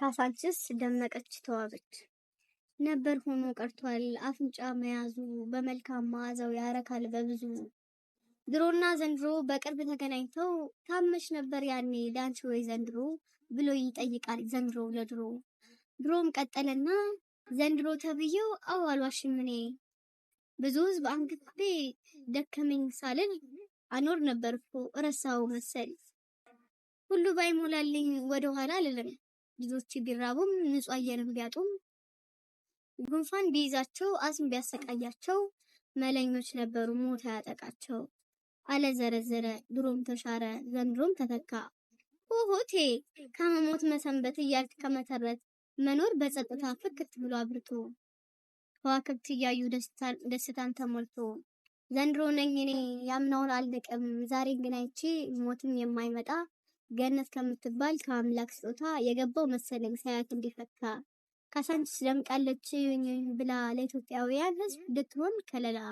ካሳንችስ ደመቀች ተዋበች ነበር ሆኖ ቀርቷል። አፍንጫ መያዙ በመልካም መዓዛው ያረካል በብዙ ድሮና ዘንድሮ በቅርብ ተገናኝተው ታመሽ ነበር ያኔ ዳንች ወይ ዘንድሮ ብሎ ይጠይቃል ዘንድሮ ለድሮ ድሮም ቀጠለና ዘንድሮ ተብዬው አዋሏሽምኔ እኔ ብዙ ህዝብ አንግቤ ደከመኝ ሳልል አኖር ነበር እኮ እረሳው መሰል ሁሉ ባይሞላልኝ ወደኋላ አልልም ልጆች ቢራቡም ንጹህ አየርን ቢያጡም ጉንፋን ቢይዛቸው አስም ቢያሰቃያቸው መለኞች ነበሩ ሞት ያጠቃቸው። አለዘረዘረ ድሮም ተሻረ ዘንድሮም ተተካ። ሆቴ ከመሞት መሰንበት እያልክ ከመተረት መኖር በጸጥታ ፍክት ብሎ አብርቶ ከዋክብት እያዩ ደስታን ተሞልቶ ዘንድሮ ነኝ እኔ ያምናውን አልደቅም ዛሬ ግን አይቼ ሞትም የማይመጣ ገነት ከምትባል ከአምላክ ስጦታ የገባው መሰለኝ ሳያት እንዲፈካ ካሳንቺስ ደምቃለች ብላ ለኢትዮጵያውያን ሕዝብ እንድትሆን ከለላ